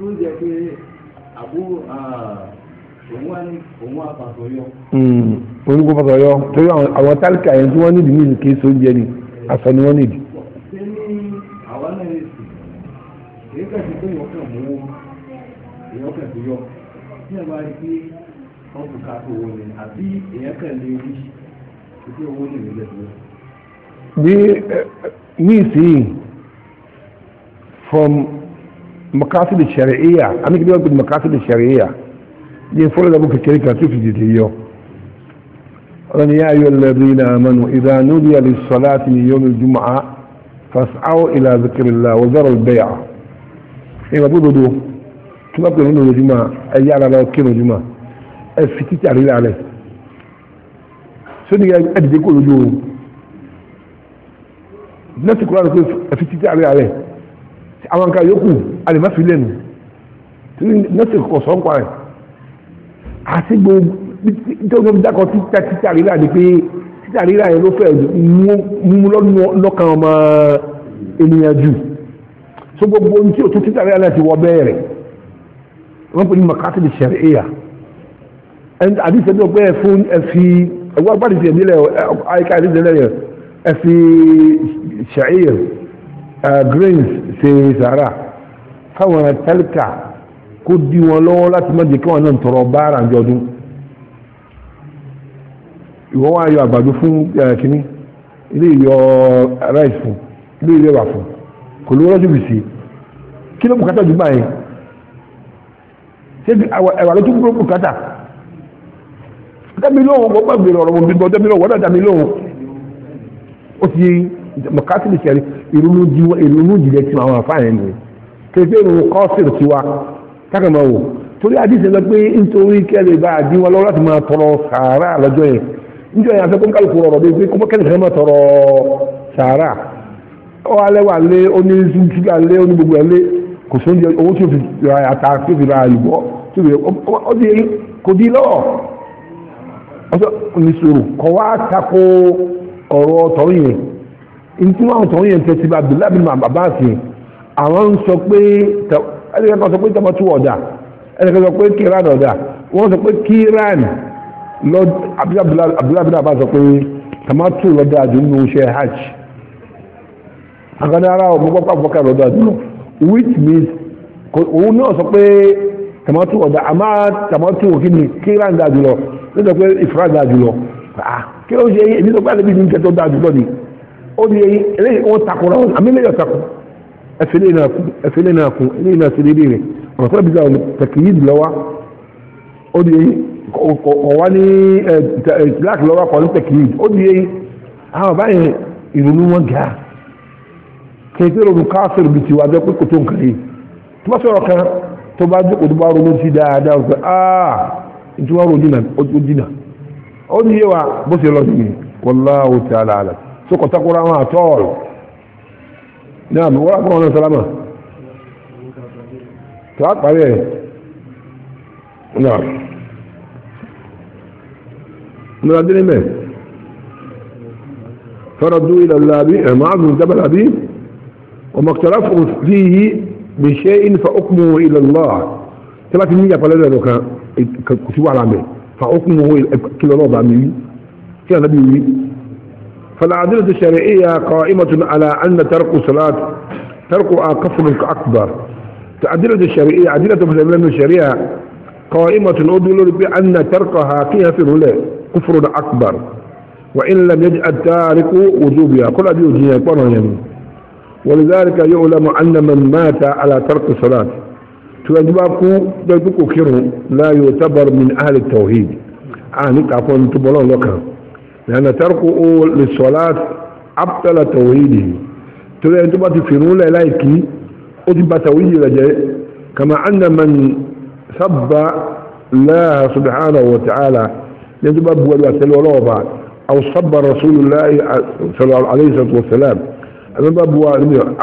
oúnjẹ òun kò fàtọ̀ hmm, yọ torí àwọn tálíkà yẹn tí wọ́n nídìí ní ìlùkè sóúnjẹ ni aṣọ ni wọ́n nídìí. ṣé ní àwa náà lè sè é kẹ̀sì pé ìwọ́n kàn mú ìwọ́n kàn tó yọ tí ẹ bá rí pé wọ́n kò ká tó owó àbí èèyàn kàn lè rí ìdí owó ní ìlú lẹ́sìn. bí ní ìsìn from makasidi sharia amikidi wọn gbé makasidi sharia ní fọ́lọ́dàbù kékeré kan tó fi dìde yọ ọlọ́ni yá ayọ́ alladhina amanu idha nudiya lis-salati min yawmil jumu'ah fas'aw ila dhikrillah wa dharu al-bay' ìwà gbódòdó tó bá pè nínú ojúmọ́ ẹ̀yà ara lọ kí ojúmọ́ ẹ fi títí àrílà rẹ̀ sódì ẹ̀dìdé kò lójú o nọ́ọ̀sì kúrò àti ẹ fi títí àrílà rẹ̀ àwọn nǹkan yòókù alẹ́ má fi lẹ́nu nọ́ọ̀sì kọ̀ọ̀sọ̀ ń pa rẹ̀ àti gbogbo nítorí dákọ̀ títà títà rírà ni pé títà rírà yẹn ló fẹ́ mú lọ́kàn ọmọ ènìyàn jù so gbogbo ohun tí o tún títà rírà náà ti wọ bẹ́ẹ̀rẹ̀ wọ́n pè ní makati di sẹ̀rẹ̀ ẹ̀yà àdìsẹ́ tó pẹ́ fún ẹ̀fí ẹ̀wọ́n agbára ìṣẹ̀lẹ̀ nílẹ̀ àyíká ìṣẹ̀lẹ̀ nílẹ̀ ẹ̀fí sẹ̀rẹ̀ grains ṣe sàrà fáwọn tẹ́lẹ̀kà kó di wọn lọ́wọ́ láti má jẹ́ kí wọn náà tọrọ báárà ní ọdún ìwọ wá yọ àgbàdo fún kínní ilé ìyọ rice fún ilé ìyọ wà fún kò lówó lọ́jọ́ bìsì kí ló bùkátà jù báyìí ṣé ẹ̀wà ló tún kúrò bùkátà dábìlì òun wọ́n gbàgbé ọ̀rọ̀ wọn bíbọ̀ dábìlì òun wọ́n dàda mi lóhùn ó ti mọ̀kásìlì ṣẹ̀rí ìrònú jìlẹ̀ tí àwọn àfáà yẹn nìyẹn kékeré ìrònú kọ́ọ̀sì tiwa kákàmọ́ wò torí àdìsí lọ pé nítorí kẹ́lẹ̀ bá àdí wọn lọ́wọ́ láti máa tọrọ sàárà lọ́jọ́ yẹn níjọ́ yẹn afẹ́kọ́ kálukú rọrọ̀ bíi pé kọ́mọ́ kẹ́lẹ̀ fẹ́ máa tọrọ sàárà ọ alẹ́ wà lé oní ṣúgà lé oní gbogbo ẹ̀ kò sí owó tí o fi ra ata tí o fi ra àlùbọ́ tí o fi ọ di kò di lọ́ọ̀ ọjọ́ nìṣòro kọ́ wá tako ọ̀rọ̀ tọ́rọ̀ yẹn nítorí àwọn tọ́rọ̀ yẹn tẹ́tí bá Abdullahi bin Abbas àwọn sọ pé ẹni kan sọ pé tamatu ọ̀dà ẹni kan sọ pé kíran ọ̀dà wọ́n sọ pé kíran lọ abdullahi bin abbas sọ pé tamatu lọ́dà àdúgbò ṣe hajj àgbàdo ara ọ̀gbọ́n pápá àbúkà lọ́dà àdúgbò which means òun náà sọ pé tamatu ọ̀dà àmọ́ tamatu kìíní kíran dà jùlọ ló sọ pé ìfura dà jùlọ kí ló ń ṣe èyí èmi sọ pé àlebi ní kẹtọ dà jùlọ ni ó di èyí eléyìí wọ́n takora àmì eléyìí ọ̀ takora ẹfẹlẹ náà kún ẹlẹ náà ṣe déédéé rẹ ọ̀nà fúnra bí sáwọn tẹkìyí lọ́wọ́ ó di ọ̀wá ní black lọ́wọ́ kọ́ ní tẹkìyí ó di àwọn báyìí ìrònú wọn gà kẹsẹ̀ ronú káfíìr bí tiwa jẹ́ pé kò tó nǹkan yìí tó bá sọ̀rọ̀ kan tó bá dé òdúbọ̀ ronú sí dáadáa ó sọ aa ah! ìtura ronú jìnnà ó di yé wa bó ṣe lọ sí mi wallahu ta'ala sókòtàkùrọ̀ àwọn àtọ́ọ̀rọ̀ náà wọ́n á kọ́ ọ́nà sálámà tó a parí ẹ̀ náà múra dínlẹ̀ mẹ́ فرضوا إلى اللابي معاذ جبل أبي وما اختلفوا فيه بشيء فأقموا إلى الله تبقى تنية فلذا لو كان كتبوا على عمي فأقموا إلى كل رضا عمي كان نبي فالعدلة الشرعية قائمة على أن ترك صلاة تركها كفر أكبر العدلة الشرعية عدلة من الشريعة قائمة أدل بأن تركها كيها في الولاء كفر أكبر وإن لم يجعل تارك وجوبها كل أبي وجوبها يعني ولذلك يعلم أن من مات على ترك الصلاة تواجبكو تواجبكو كره لا يعتبر من أهل التوحيد آه نتعفون تبولون لكم لأن تركه للصلاة أبطل توحيده ترى أنت بات لايكي أتبع بتوحيد لجاء كما أن من سب الله سبحانه وتعالى لأنت بات بوالي أسأل بعد أو سب رسول الله صلى الله عليه وسلم أنا بابوا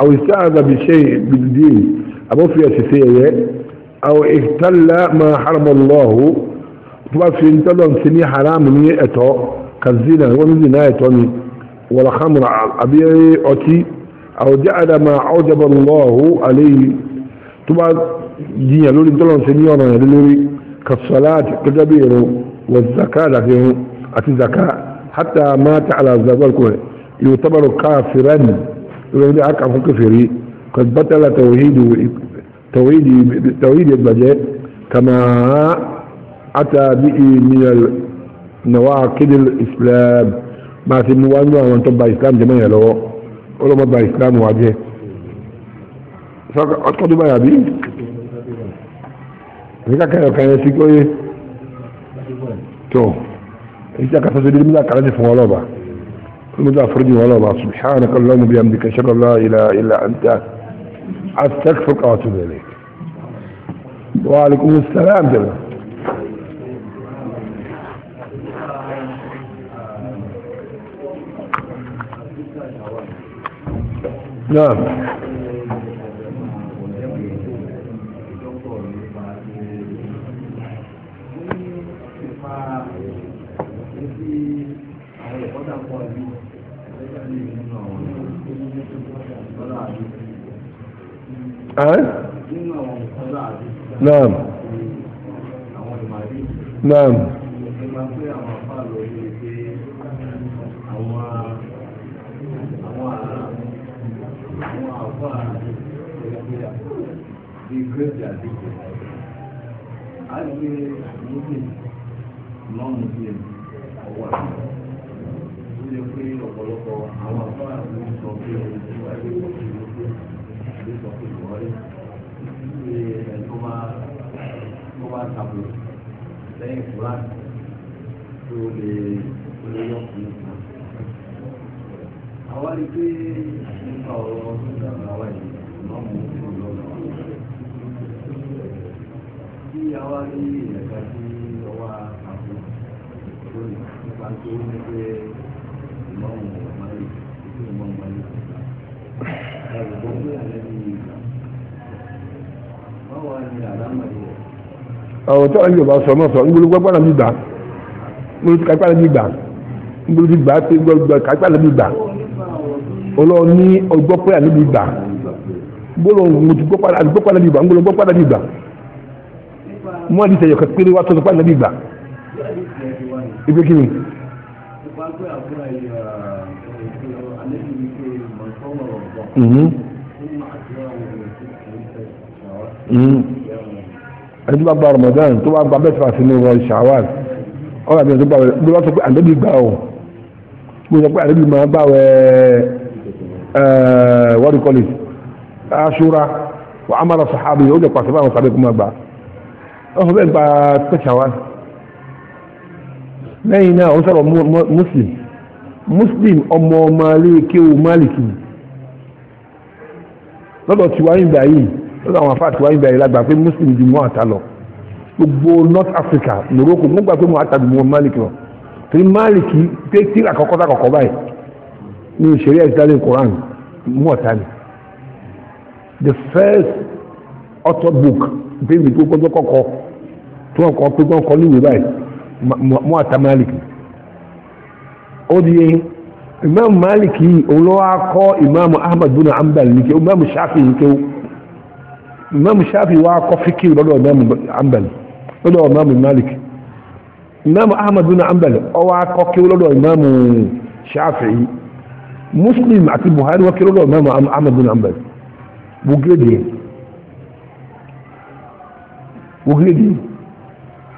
أو استعذ بشيء بالدين أبو في أساسية أو اختل ما حرم الله تبقى في انتظر سنين حرام من يأتو كالزنا هو من زنا يتوني ولا خمر أبي أتي أو جعل ما عجب الله عليه تبع دين لولي دولان سنيورا لولي كالصلاة كجبير والزكاة لكن أتي زكاة حتى مات على الزوال يعتبر كافرا يقول لك كفري قد بطل توحيده توحيد توحيد البجاء كما أتى به من نواكد الإسلام ما في موانع وان تبع إسلام جميع لو ولو ما تبع إسلام واجه أتقدوا بقى يا بي Rika kẹrọ kẹrẹ sí kó yé. تو انت كتسجد منك على دفع ولوبة المتأفرج ولوبة سبحانك اللهم بيامدك أشهد الله إله إلا أنت أستغفرك وأتوب إليك وعليكم السلام جميعا náà. Naam. Naam. bíi gírèdì àdéjọ àgbẹ̀ lókè lọ́mù díẹ̀ ọwọ́ àti ó lè pé ọ̀pọ̀lọpọ̀ àwọn àbúrò àti sọ pé òun ti wà ní ìwọ̀n ìlú àti sọ pé kò wọlé ṣe ẹ̀ tó tó máa tàbí lẹ́yìn fúlàní tó lè lè yọ fún un. àwa rí i pé nípa ọ̀rọ̀ ọ̀gbìn náà wà yìí lọ́mù díẹ̀. a wá rí ẹ̀ka tí ọwọ́ àpò lónìí nípa tó ní pé ìmọ̀ọ́mù ọ̀mọ́lẹ̀ ìdí ìmọ̀ọ́mù ọ̀mọ́lẹ̀ ẹ̀rù tó ń gbé àlẹ́ ní ìgbà báwo ni àlámọ̀ yẹ. ọ̀rọ̀ tó ń yọ̀ bá sọ mọ́ sọ ńgbọ́n gbọ́dọ̀ gbọ́dọ̀ mi gbà ńgbọ́n kápá mi gbà ńgbọ́n ti gbà pé gbọ́dọ̀ kápá mi gbà ọlọ́ọ̀ ní ọgbọ́pẹ́ àlẹ́ mi gbà gbọ́dọ̀ mo ti gbọ́ padà mi gbà ńgbọ́n gbọ́ padà mi gbà mú àdìsí ẹ̀yọ̀ kan péré wá tó nípa nàbí gbà. ibi kí ni. ẹni mhm. mhm. tó bá gba Ramadan tó bá gba mẹ́fà sínú wọn Shawwal ọ̀rọ̀ àti ẹni tó bá wẹ̀ ló bá sọ pé ànábì gbà o mo sọ pé ànábì máa bá wẹ̀ wọ́n kọ́lé aṣura wa amara sahabi yóò jẹ́ pàṣẹ báwọn sábẹ́ kó máa gbà ọ̀hún bẹ́ẹ̀ gba pẹ̀sà wa lẹ́yìn náà ó sọ̀rọ̀ muslim muslim ọmọ ọmọ alẹ́ kéwu máàlìkì lọ́dọ̀ tiwa ìgbà yìí lọ́dọ̀ àwọn afáà tiwa ìgbà yìí lágbà pé muslim ju mọ́ àtà lọ gbogbo north africa morocco mo gbà pé mo àtà ju mọ́ máàlìkì lọ torí máàlìkì pé tíra kọ́kọ́ tá kọ́kọ́ báyìí ní ìṣeré ẹ̀sìn lálẹ́ koran mọ́ ni the first auto book bẹ́ẹ̀ni tó gbọ́dọ̀ kọ́kọ́ tó wọn kọ́ pé wọ́n kọ́ níwèé báyìí mú àtàmálìkì ó di yẹn imam maliki olówó akọ imam ahmad bin ambal nìkẹ́ imam shafi nìkẹ́ imam shafi wà akọ fikir lọ́dọ̀ imam ambal lọ́dọ̀ imam maliki imam ahmad bin ambal ọwọ́ akọ kí lọ́dọ̀ imam shafi muslim àti buhari wọ́n kí lọ́dọ̀ imam ahmad bin ambal bùgẹ́dẹ̀ yẹn. wògìrìdì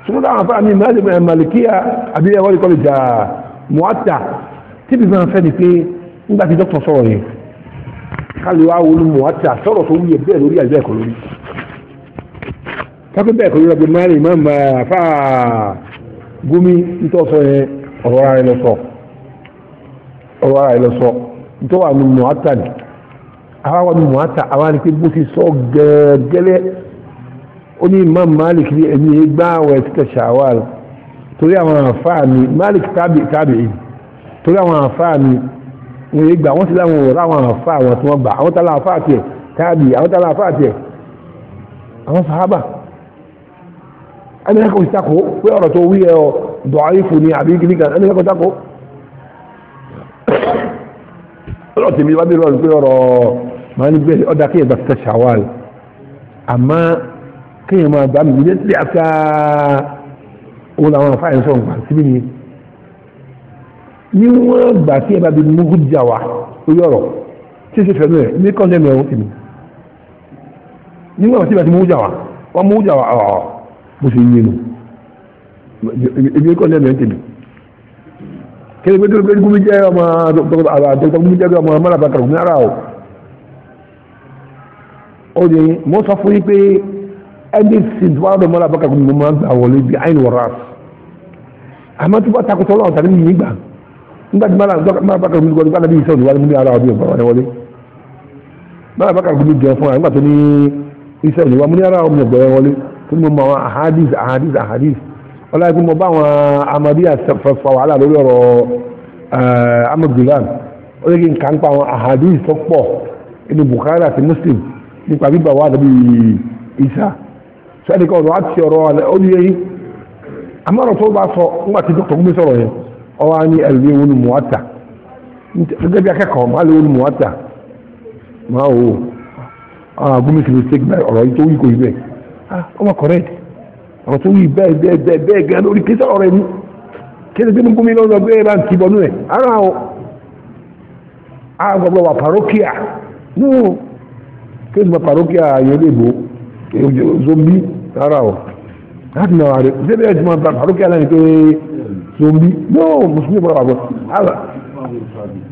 sọmọdé àwọn afáàmì mẹ́rin malikiya àbí ẹwọ́n ìkọlù jà mọ́tà tíbi máa fẹ́ ni pé nígbà tí dókítà sọ̀rọ̀ yẹn kálí wa wọlé mọ́tà sọ̀rọ̀ tó wúyẹ bẹ́ẹ̀ lórí àbí ẹ̀kọ́ lórí kápẹ́ bẹ́ẹ̀ kọ́ lórí ọgbẹ́ mẹ́rin mọ́ àfà gómi nítòsọ yẹn ọ̀rọ̀ ara rẹ lọ sọ ọ̀rọ̀ ara rẹ lọ sọ nítòwà ní mọ́tà ni àwọn àwọn mọ́tà àwọn àti pé bó ti sọ gẹ́gẹ́lẹ́ ó ní imam malik ní ẹ̀mí gbá àwẹ̀ títẹ̀ shawal torí àwọn àǹfàà mi malik tábì tábì torí àwọn àǹfàà mi wọ́n yé gbà wọ́n sì láwọn ọ̀rọ̀ àwọn àǹfàà wọn tí wọ́n gbà àwọn tálà àǹfàà tiẹ̀ tábì àwọn tálà àǹfàà tiẹ̀ àwọn sàhábà ẹnìkan kò sí takò pé ọ̀rọ̀ tó wí ẹ ọ dọ̀ọ́yìfù ni àbí kìnnìkan ẹnìkan kò takò ọ̀rọ̀ tèmi wá bí rọrùn pé ọ̀rọ̀ máa ń gbé ọ̀dà kí ẹ̀dà tẹ̀ ṣàwàl àmọ́ kéèyàn máa gbà mí ìdílé tí àfà òun làwọn afá yẹn sọ̀rọ̀ síbí ni níwọ̀n gbà tí ẹ bá bi mú jà wá lórí ọ̀rọ̀ tí ṣe fẹ́ẹ́ rẹ̀ ní kọ́ńdẹ́mì ẹ̀rọ tèmi níwọ̀n tí ẹ bá ti mú jà wá wọ́n mú jà wá ọ̀ bó ṣe yé nu èmi kọ́ńdẹ́mì ẹ̀rọ tèmi kí ni pé tó gbẹ́dúgbù mi jẹ́ ọmọ àdókòtò mi jẹ́ ọmọ mọ́lá mi ara o ó di mọ́ sọ fún yín pé anything tó bá dọ̀ mọ́ra bọ́kà kún mi máa gbà wọlé bí àyìn wọ̀rọ̀ àti àmọ́ tó bá takùtọ̀ ọlọ́run tàbí mi nígbà nígbà tí mọ́ra bọ́kà kún mi gbọ́dọ̀ gbọ́dọ̀ bí iṣẹ́ olùwárí múlẹ̀ ara ọdún ọ̀gbọ̀n wọlé mọ́ra bọ́kà kún mi jẹun fún wa nígbà tó ní iṣẹ́ olùwárí múlẹ̀ ara ọdún ọ̀gbọ̀n wọlé tó ní mo mọ àwọn ahadis ahadis ahadis ọlọ́run tó mọ bá àwọn amadiya fẹfọ wàhálà lórí ọ̀rọ̀ eh, amadulam ó yẹ kí n kà ń pa àwọn ahadis tó pọ̀ inú Bukhari àti Muslim nípa bíbá wa àti isa sani ka ọ̀rọ̀ àti ọ̀rọ̀ ọdún yẹn amọ̀rọ̀ tó bá sọ nígbà tí dókítà gbé sọ̀rọ̀ ni mò á tà gẹ́gẹ́ bí akẹ́kọ̀ọ́ má lè ewu ni mò á tà má o gómìnà ti mistake báyìí ọ̀rọ̀ yìí tó parokia parokia rárá o láti náà rẹ ṣé bẹ́ẹ̀ tí wọ́n bá àrùkẹ́ aláìní pé zombi yóò mùsùlùmí bọ̀rọ̀ àbọ̀ àlà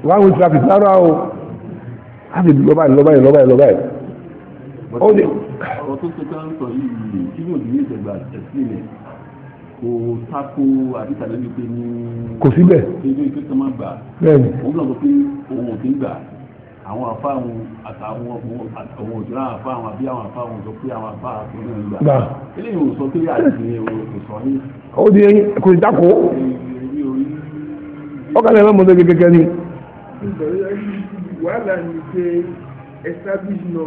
wàá wí traffic rárá o láti lọ́ba yìí lọ́ba yìí lọ́ba yìí lọ́ba yìí. ó lè. ọ̀rọ̀ tó ṣe ká ń sọ kò tako kò síbẹ̀. ṣé ilé ìfẹ́ sọ máa gbà. bẹ́ẹ̀ ni. òun àwọn afáwọn àtàwọn àwọn òjòrò àwọn afáwọn àbí àwọn afáwọn tó pé àwọn afáwọn tó ní ìgbà eléyìí ò sọ pé àti òsọ ní. ó di kò sí dáko ọkàn ẹ̀rọ mọ́tò kékeré ni. wàhálà ni pé establish náà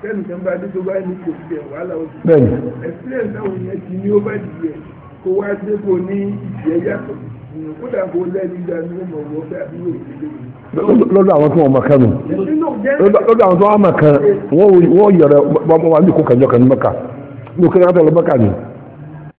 sẹ́ni kan bá dé tó bá ní kò sí ẹ̀ wàhálà ó ti. bẹ́ẹ̀ni. experience àwọn yẹn ti ní over the year kó wá dé lọ́dọ̀ àwọn tí wọ́n mọ̀ kan nù lọ́dọ̀ àwọn tí wọ́n mọ̀ kan wọ́n yọ̀rọ̀ wọ́n wà ní kó kànjọ́ kan ní mọ̀ká ní kó kànjọ́ kan ní